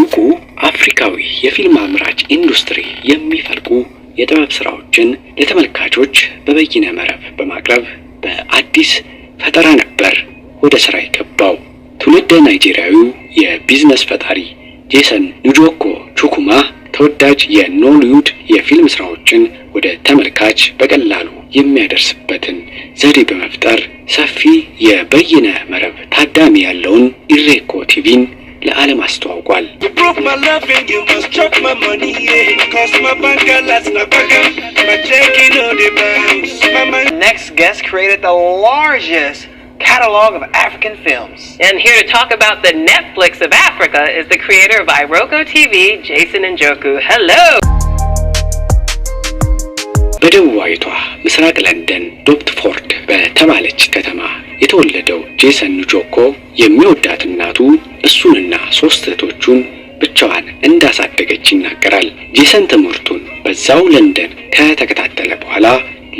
እውቁ አፍሪካዊ የፊልም አምራች ኢንዱስትሪ የሚፈልቁ የጥበብ ስራዎችን ለተመልካቾች በበይነ መረብ በማቅረብ በአዲስ ፈጠራ ነበር ወደ ስራ የገባው። ትውልደ ናይጄሪያዊው የቢዝነስ ፈጣሪ ጄሰን ንጆኮ ቹኩማ ተወዳጅ የኖሊውድ የፊልም ስራዎችን ወደ ተመልካች በቀላሉ የሚያደርስበትን ዘዴ በመፍጠር ሰፊ የበይነ መረብ ታዳሚ ያለውን ኢሬኮ ቲቪን ለዓለም አስተዋውቋል። Next guest created the largest catalog of African films. And here to talk about the Netflix of Africa is the creator of Iroko TV, Jason Njoku. Hello! በደቡባዊቷ ምስራቅ ለንደን ዶፕትፎርድ በተባለች ከተማ የተወለደው ጄሰን ጆኮ የሚወዳት እናቱ እሱንና ሶስት እህቶቹን ብቻዋን እንዳሳደገች ይናገራል። ጄሰን ትምህርቱን በዛው ለንደን ከተከታተለ በኋላ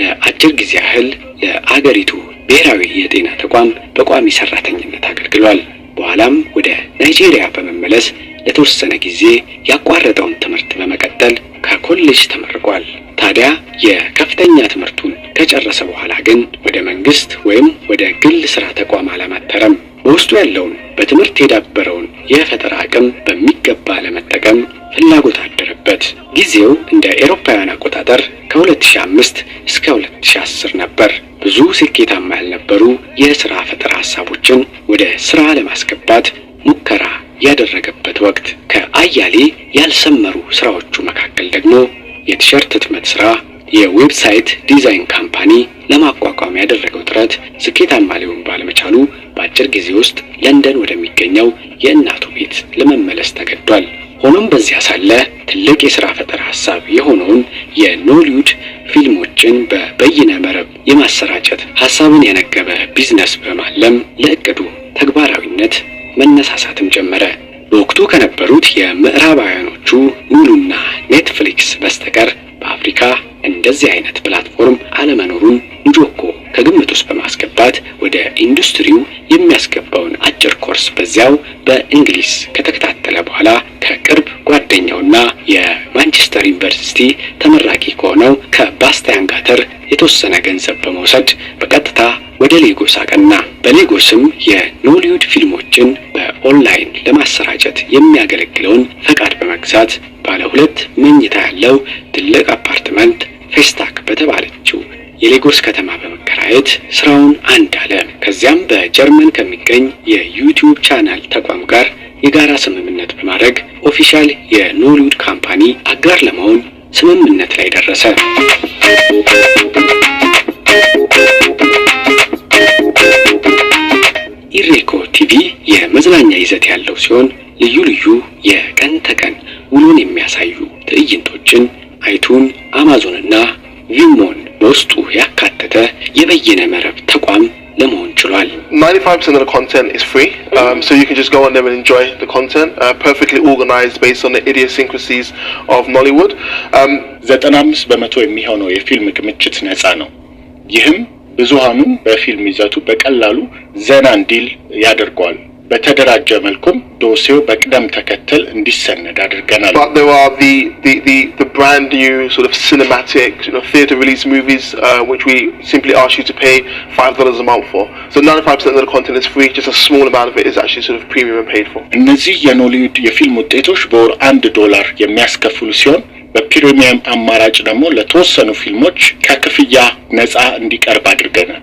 ለአጭር ጊዜ ያህል ለአገሪቱ ብሔራዊ የጤና ተቋም በቋሚ ሰራተኝነት አገልግሏል። በኋላም ወደ ናይጄሪያ በመመለስ ለተወሰነ ጊዜ ያቋረጠውን ትምህርት በመቀጠል ከኮሌጅ ተመርቋል። ታዲያ የከፍተኛ ትምህርቱን ከጨረሰ በኋላ ግን ወደ መንግስት ወይም ወደ ግል ስራ ተቋም አላማተረም። በውስጡ ያለውን በትምህርት የዳበረውን የፈጠራ አቅም በሚገባ ለመጠቀም ፍላጎት አደረበት። ጊዜው እንደ ኤሮፓውያን አቆጣጠር ከ2005 እስከ 2010 ነበር። ብዙ ስኬታማ ያልነበሩ የስራ ፈጠራ ሀሳቦችን ወደ ስራ ለማስገባት ሙከራ ያደረገበት ወቅት ከአያሌ ያልሰመሩ ስራዎቹ መካከል ደግሞ የቲሸርት ህትመት ስራ፣ የዌብሳይት ዲዛይን ካምፓኒ ለማቋቋም ያደረገው ጥረት ስኬታማ ሊሆን ባለመቻሉ በአጭር ጊዜ ውስጥ ለንደን ወደሚገኘው የእናቱ ቤት ለመመለስ ተገዷል። ሆኖም በዚያ ሳለ ትልቅ የሥራ ፈጠራ ሐሳብ የሆነውን የኖሊውድ ፊልሞችን በበይነ መረብ የማሰራጨት ሐሳብን ያነገበ ቢዝነስ በማለም ለእቅዱ ተግባራዊነት መነሳሳትም ጀመረ። በወቅቱ ከነበሩት የምዕራባውያኖቹ ሙሉና ኔትፍሊክስ በስተቀር በአፍሪካ እንደዚህ አይነት ፕላትፎርም አለመኖሩን ንጆኮ ከግምት ውስጥ በማስገባት ወደ ኢንዱስትሪው የሚያስገባውን አጭር ኮርስ በዚያው በእንግሊዝ ከተከታተለ በኋላ ከቅርብ ጓደኛውና የማንቸስተር ዩኒቨርሲቲ ተመራቂ ከሆነው ከባስቲያን ጋተር የተወሰነ ገንዘብ በመውሰድ በቀጥታ ወደ ሌጎስ አቀና። በሌጎስም የኖሊውድ ፊልሞችን በኦንላይን ለማሰራጨት የሚያገለግለውን ፈቃድ በመግዛት ባለ ሁለት መኝታ ያለው ትልቅ አፓርትመንት ፌስታክ በተባለችው የሌጎስ ከተማ በመከራየት ስራውን አንድ አለ። ከዚያም በጀርመን ከሚገኝ የዩቲዩብ ቻናል ተቋም ጋር የጋራ ስምምነት በማድረግ ኦፊሻል የኖሊውድ ካምፓኒ አጋር ለመሆን ስምምነት ላይ ደረሰ። መዝናኛ ይዘት ያለው ሲሆን ልዩ ልዩ የቀን ተቀን ውሎን የሚያሳዩ ትዕይንቶችን አይቱን፣ አማዞንና ቪሞን በውስጡ ያካተተ የበየነ መረብ ተቋም ለመሆን ችሏል። um, ዘጠና አምስት በመቶ የሚሆነው የፊልም ክምችት ነፃ ነው። ይህም ብዙሃኑን በፊልም ይዘቱ በቀላሉ ዘና እንዲል ያደርገዋል። በተደራጀ መልኩም ዶሴው በቅደም ተከተል እንዲሰነድ አድርገናል። እነዚህ የኖሊውድ የፊልም ውጤቶች በወር አንድ ዶላር የሚያስከፍሉ ሲሆን በፕሪሚየም አማራጭ ደግሞ ለተወሰኑ ፊልሞች ከክፍያ ነፃ እንዲቀርብ አድርገናል።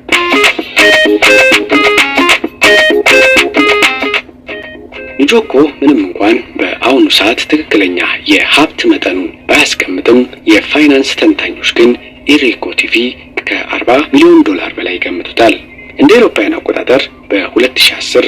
ጆኮ ምንም እንኳን በአሁኑ ሰዓት ትክክለኛ የሀብት መጠኑን ባያስቀምጥም የፋይናንስ ተንታኞች ግን ኢሪኮ ቲቪ ከ40 ሚሊዮን ዶላር በላይ ገምቱታል። እንደ አውሮፓውያን አቆጣጠር በ2010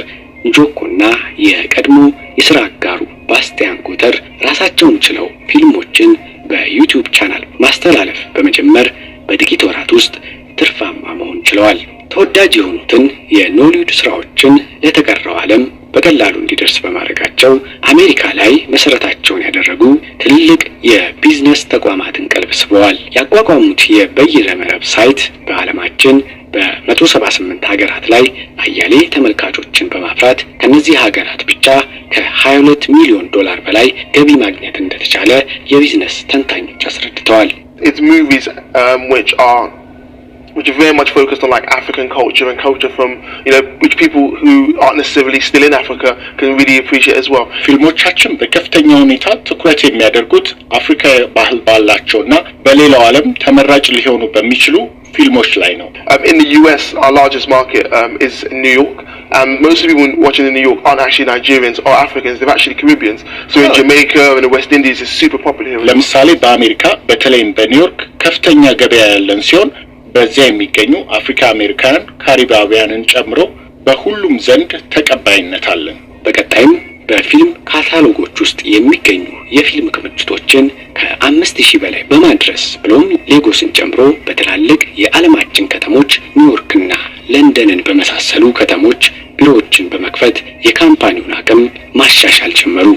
ጆኮና የቀድሞ የስራ አጋሩ ባስቲያን ጎተር ራሳቸውን ችለው ፊልሞችን በዩቲዩብ ቻናል ማስተላለፍ በመጀመር በጥቂት ወራት ውስጥ ትርፋማ መሆን ችለዋል። ተወዳጅ የሆኑትን የኖሊውድ ስራዎችን ለተቀረው ዓለም በቀላሉ እንዲደርስ በማድረጋቸው አሜሪካ ላይ መሰረታቸውን ያደረጉ ትልልቅ የቢዝነስ ተቋማትን ቀልብ ስበዋል። ያቋቋሙት የበይነ መረብ ሳይት በዓለማችን በ178 ሀገራት ላይ አያሌ ተመልካቾችን በማፍራት ከነዚህ ሀገራት ብቻ ከ22 ሚሊዮን ዶላር በላይ ገቢ ማግኘት እንደተቻለ የቢዝነስ ተንታኞች አስረድተዋል። um, which are very much focused on like African culture and culture from you know which people who aren't necessarily still in Africa can really appreciate as well. ፊልሞቻችን በከፍተኛ ሁኔታ ትኩረት የሚያደርጉት አፍሪካ ባህል ባላቸው እና በሌላው ዓለም ተመራጭ ሊሆኑ በሚችሉ ፊልሞች ላይ ነው። in the US our largest market um, is New York. And um, most people watching in New York aren't actually Nigerians or Africans, they're actually Caribbeans. So in oh. Jamaica and the West Indies is super popular here. ለምሳሌ በአሜሪካ በተለይም በኒውዮርክ ከፍተኛ ገበያ ያለን ሲሆን በዚያ የሚገኙ አፍሪካ አሜሪካን፣ ካሪባውያንን ጨምሮ በሁሉም ዘንድ ተቀባይነት አለን። በቀጣይም በፊልም ካታሎጎች ውስጥ የሚገኙ የፊልም ክምችቶችን ከአምስት ሺህ በላይ በማድረስ ብሎም ሌጎስን ጨምሮ በትላልቅ የዓለማችን ከተሞች ኒውዮርክና ለንደንን በመሳሰሉ ከተሞች ቢሮዎችን በመክፈት የካምፓኒውን አቅም ማሻሻል ጀመሩ።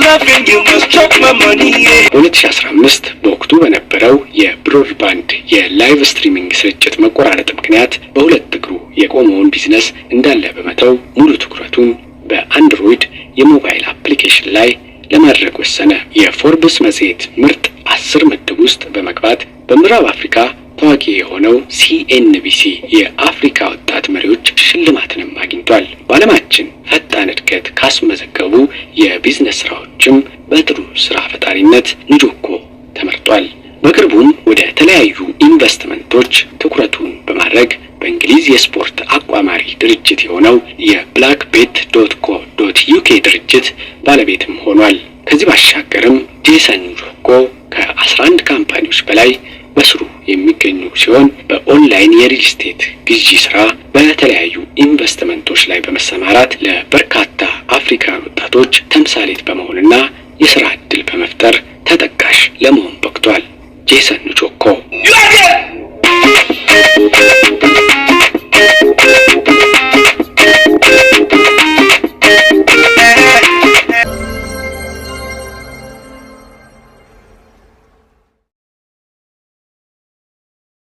በ2015 በወቅቱ በነበረው የብሮድባንድ የላይቭ ስትሪሚንግ ስርጭት መቆራረጥ ምክንያት በሁለት እግሩ የቆመውን ቢዝነስ እንዳለ በመተው ሙሉ ትኩረቱን በአንድሮይድ የሞባይል አፕሊኬሽን ላይ ለማድረግ ወሰነ። የፎርብስ መጽሔት ምርጥ አስር ምድብ ውስጥ በመግባት በምዕራብ አፍሪካ ታዋቂ የሆነው ሲኤንቢሲ የአፍሪካ ወጣት መሪዎች ሽልማትንም አግኝቷል። በዓለማችን ያስመዘገቡ የቢዝነስ ስራዎችም በጥሩ ስራ ፈጣሪነት ንጆኮ ተመርጧል። በቅርቡም ወደ ተለያዩ ኢንቨስትመንቶች ትኩረቱን በማድረግ በእንግሊዝ የስፖርት አቋማሪ ድርጅት የሆነው የብላክ ቤት ዶት ኮ ዶት ዩኬ ድርጅት ባለቤትም ሆኗል። ከዚህ ባሻገርም ጄሰን ንጆኮ ከ11 ካምፓኒዎች በላይ በስሩ የሚገኙ ሲሆን በኦንላይን የሪል ስቴት ግዢ ስራ በተለያዩ ኢንቨስትመንቶች ላይ በመሰማራት ለበርካታ ለአፍሪካ ወጣቶች ተምሳሌት በመሆንና የስራ ዕድል በመፍጠር ተጠቃሽ ለመሆን በቅቷል። ጄሰን ጆኮ